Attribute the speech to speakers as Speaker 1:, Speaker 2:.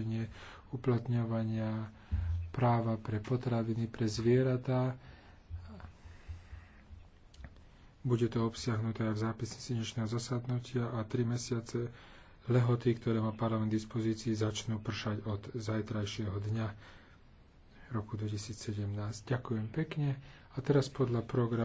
Speaker 1: zabezpečenie uplatňovania práva pre potraviny pre zvieratá. Bude to obsiahnuté aj v zápise sinečného zasadnutia a tri mesiace lehoty, ktoré má parlament dispozícii, začnú pršať od zajtrajšieho dňa roku 2017. Ďakujem
Speaker 2: pekne a teraz podľa programu